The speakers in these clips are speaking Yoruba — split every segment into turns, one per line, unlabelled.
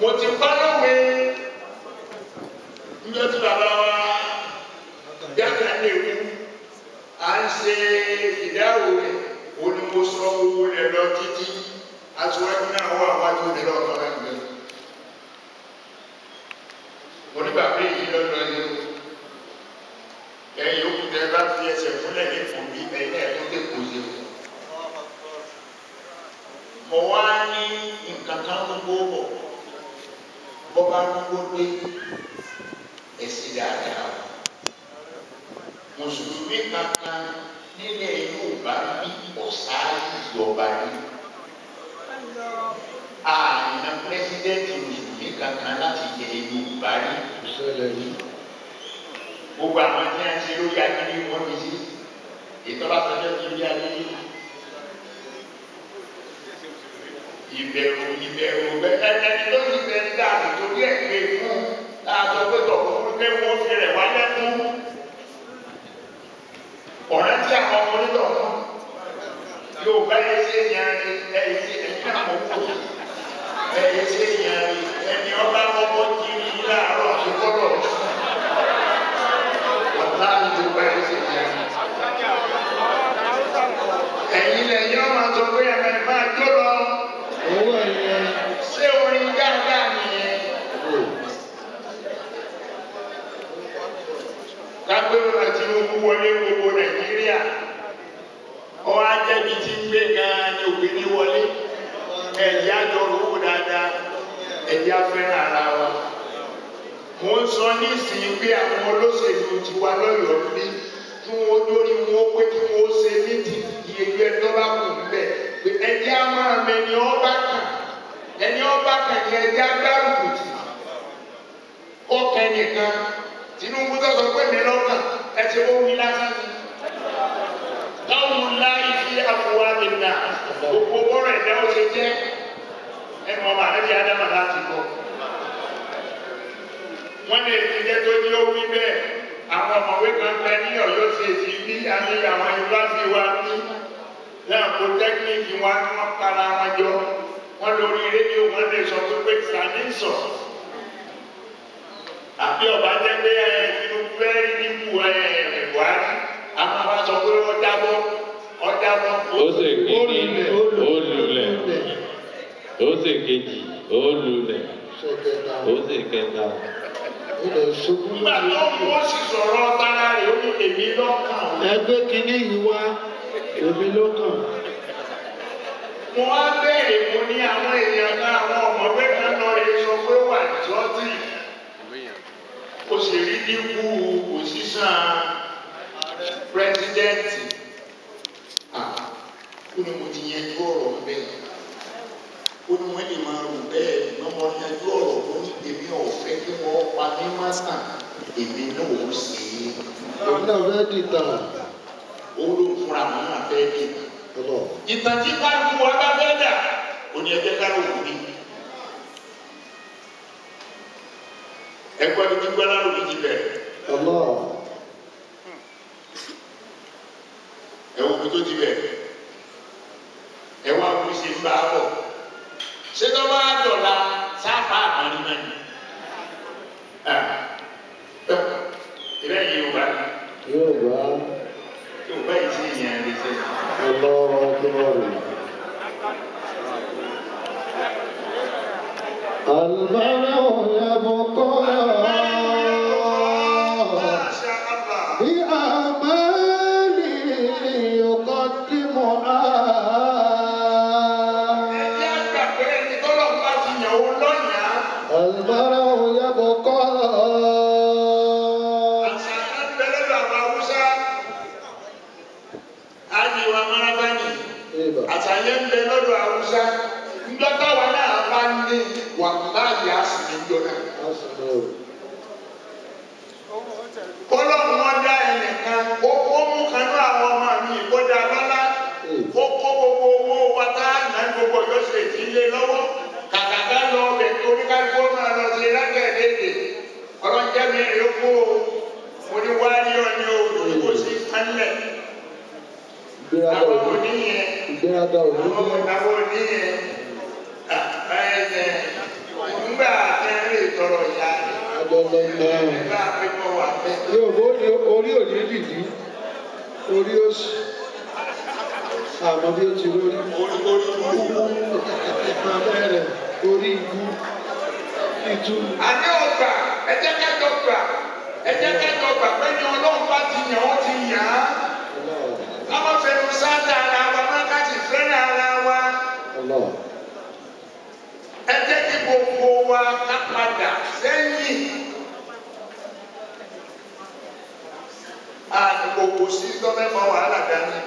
mo ti pálọ̀wé ńjọ́ tí bàbá wa yàtọ̀ ní ìwé à ń ṣe ìdáwó rẹ̀ onímọ̀sọ́ owó rẹ̀ lọ títí àtiwájú náà wà wájú rẹ̀ lọ́tọ̀ láti bẹ̀rẹ̀. bá náwó pé ẹ̀sìn dáadáa Mùsùlùmí kankan nílẹ̀ Yorùbá bí ọ̀sá ìjọba ni. Ààrẹ pẹ́sidẹ́ntì Mùsùlùmí kankan láti jẹ Yorùbá rí. Gbogbo àwọn tí wọ́n ti lórí akéwì wọ́n ti sí. Ìtọ́lá sọ́jọ́ ti rí akéwì. ìbẹ̀rù ìbẹ̀rù ẹni tó ti bẹ̀rù dáàbò tó àti àwọn ọmọ onídọ̀ yóò bá yẹ sí èèyàn rí ẹyẹ sí ẹyìn àpò kù ẹyẹ sí èèyàn rí ẹni ọba ọmọ kiri yìí láàárọ̀ àti kọ́lọ̀ ọ̀la ni yóò bá yẹ sí èèyàn rí. gbígbé gan-an ni òbí ní wọlé ẹ̀yà dọ̀rọ̀ wò dáadáa ẹ̀yà fẹ́ràn ara wa. Mo ń sọ ní ìsìn pé àwọn olóṣèlú ti wá lọ́yọ̀ọ́ bí tí wọ́n dórí wọn pé kí wọ́n ṣe ní ti ìyẹ̀yẹ tó bá kù níbẹ̀ pé ẹ̀yà máa mẹ ni ọ́ bá kàn ẹni ọ́ bá kàn ní ẹ̀yà gbárùkù tì. Ó nìkan Tinubu tó sọ pé mi lọ́kàn ẹ ti ó wí lásán ni. rẹ̀ ó ṣe jẹ́ ẹnu ọmọ àdébí ádámà láti bọ̀. wọ́n lè ti jẹ́ tó ní ó wí bẹ́ẹ̀ àwọn ọ̀mọ̀wé kan bẹ ní ọ̀yọ́ ti èsì bí àní àwọn yunifásitì wa ní lẹ́ẹ̀kọ́ tẹ́kíníkì wa ni wọ́n para wọn jọ wọ́n lórí rédíò wọ́n lè sọ pé pé sani ń sọ. àbí ọba jẹ́ pé ẹ̀ Tinubu fẹ́ rí níbu Buhari àwọn àwọn sọ pé ọ̀dàbọ̀ ọ̀dàbọ̀ ó lulẹ̀ ó ṣe kejì ó lulẹ̀ ó ṣe kẹta. nígbà tó ń bọ́ sí sọ̀rọ̀ tára rẹ̀ ó ní èmi lọ́kàn. ẹgbẹ́ kínní yìí wá èmi lọ́kàn. mo á béèrè mo ní àwọn èèyàn náà àwọn ọmọdé kan lọ rè sọ pé wà jọ́tì kò sì rí dínkù kò pírẹsidẹ́ǹtì. Ah, kí ni mo ti yẹn tó ọ̀rọ̀ wọ́n lè máa rò bẹ́ẹ̀ lọ́mọ yanjú ọ̀rọ̀ tó ní èmi ò fẹ́ kí wọ́n pa ní másà èmi náà ò sí i. èmi náà fẹ́ di ìtàn. olùfura màmá fẹ́ di. ìtàn tí kálukú wa bá fẹ́ dà ó ní ẹgbẹ́ kálukú ni. ẹgbẹ́ mi ti gbọ́ lálùú mi ti bẹ̀rẹ̀. ẹ̀wọ̀n mi tó ti ẹ̀wọ̀n mi ti ń bá a bọ̀ ṣé tó bá dọ̀la sáfà àmọ́rí náà ni. ìrẹ́ yìí yóò bá mi. yóò bá. yóò bá yìí sí ìyẹn lè ṣe. ọlọ́wọ́ tó wà rè. Alba. البرع يبقى àtàyẹ ń bẹ lọ́dọ̀ àwùjá ńjọ́ táwa náà bá ní wàhálà àsìkò ìjọ náà. kọ́lọ́mù wọn dá ẹnìkan ó mú kanú àwọn ọmọ mi ìkọ́jà lọ́lá ó kó gbogbo owó wa tá gbogbo ọjọ́ ṣèjì lé lọ́wọ́. lẹ́nu yòókù oníwárí ọ̀ni òyìnbó sí pánlẹ̀. Àwọn oníyẹn. Ìgbéraga òní. Àwọn oníyẹn. Nígbà tẹ́lẹ̀ ìtọ̀rọ̀ ìyá. Àjọ̀dọ̀ náà. Nígbà pípọ̀ wà fẹ́. Yóò orí òní dìdí, orí òsì. Àmọ́ bí ó ti lórí. Orí ìlú. Ìtú. Àdé ọgbà ẹ jẹ́ kájọ gbà ẹ jẹ́ kájọ gbà pé ní ọlọ́run bá ti yàn ó ti yàn án lọ́mọ fẹnu sáájà ara wa má ká sì fẹ́ràn ara wa ẹ jẹ́ kí gbogbo wa ká padà sẹ́yìn. àgbogbo sí tọ́fẹ́ mọ wàhálà dání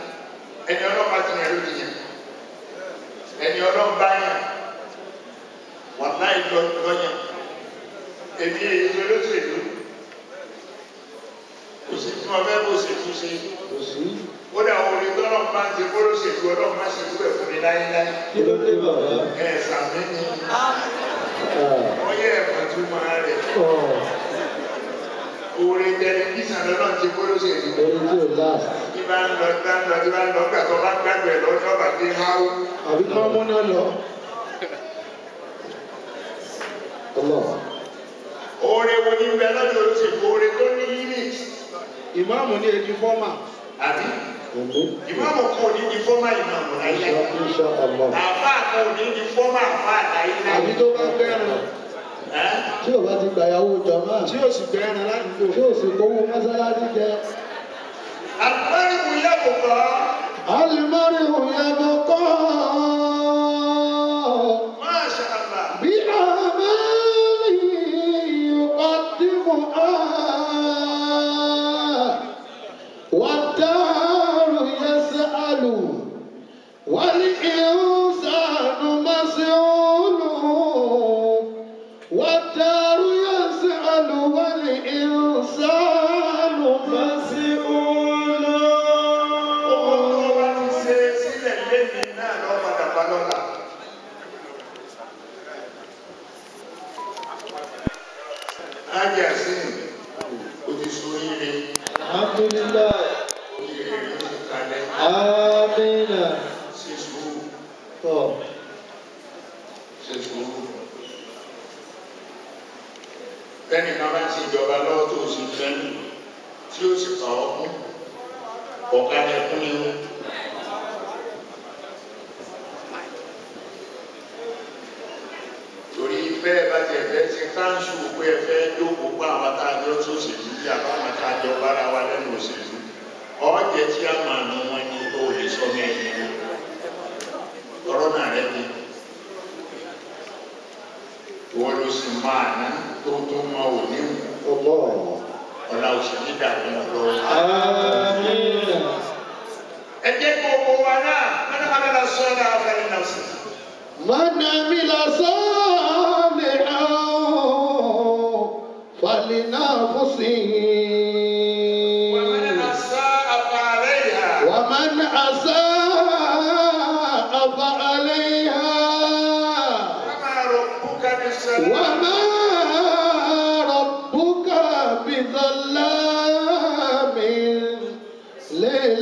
ẹni ọlọ́run bá ti yàn ló ti ẹni ọlọ́run bá yàn wàhálà ìlọyàn èmi èyí olóṣèlú èlú kò sí tí wọn fẹ́ kó ṣètú ṣe ó dà wọn orin tọ́lọ̀ ń bá ń ṣe kóró ṣètú ọlọ́run má ṣe wúwẹ̀ fún mi láyéláyé. kí ló dé bàbá. ẹ sàmì ni wọ́n ah. yẹ ẹ̀fọ́ tó máa rẹ̀. orin tẹlifíṣàn lọ́nà ti kóró ṣètú. orin tí ò last. bí bá ń lọ bá ń lọ bí bá ń lọ gbàtọ́ bá gbàgbẹ́ lọ́jọ́ bàtí háwó. àbí kọ́ mú náà lọ. Allah. oore wo ní bẹ lọ́dọ̀ olóṣèlú oore tó ní limit. ìmáàmù ní edi fọ́mà. àbí ìmáàmù kò ní di fọ́mà ìmáàmù láyé. àfa kò ní di fọ́mà àfa láyé. àbí tó bá gbẹ́rùn tí o bá ti gbàyàwó jọmọ tí o sì gbẹ́rùn ládùúgbò tí o sì kówó mọ́sálásí jẹ. àpẹẹrẹ ìwúyẹ́ kò kọ́. tẹ́nì kan bá ń ṣe ìjọba lọ́wọ́ tó sì fẹ́ tí o sì kà ọ́ kú ọ̀kadà kú ni ó. torí bẹ́ẹ̀ bá tiẹ̀ fẹ́ ṣe káńsù pé ẹ fẹ́ jókòó pa àwọn atájọ́ tó ṣe yìí bí àbáwọn atájọ́ bára wa lẹ́nu òṣèlú ọ̀jẹ̀ tí a máa nù wọn ni o lè sọ ní ẹ̀yìn ọ̀rọ̀ náà rẹ̀ ni wọ́n ló sì máa náà tó tó mọ òní wù. ọ̀la òsì nígbà tó ń lọ. ẹ jẹ́ gbogbo wa náà mọ́nà bá bẹ́ẹ̀ lọ sọ ọ́ náà fẹ́ẹ́ náà sí. mọ́nà mi lọ sọ ọ́ mi àwọn falẹ̀ náà fún sí i. One.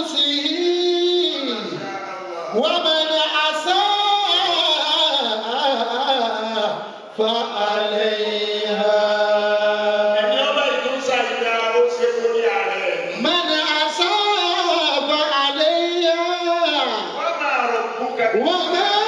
نفسه ومن أساء فعليها من فعليها وما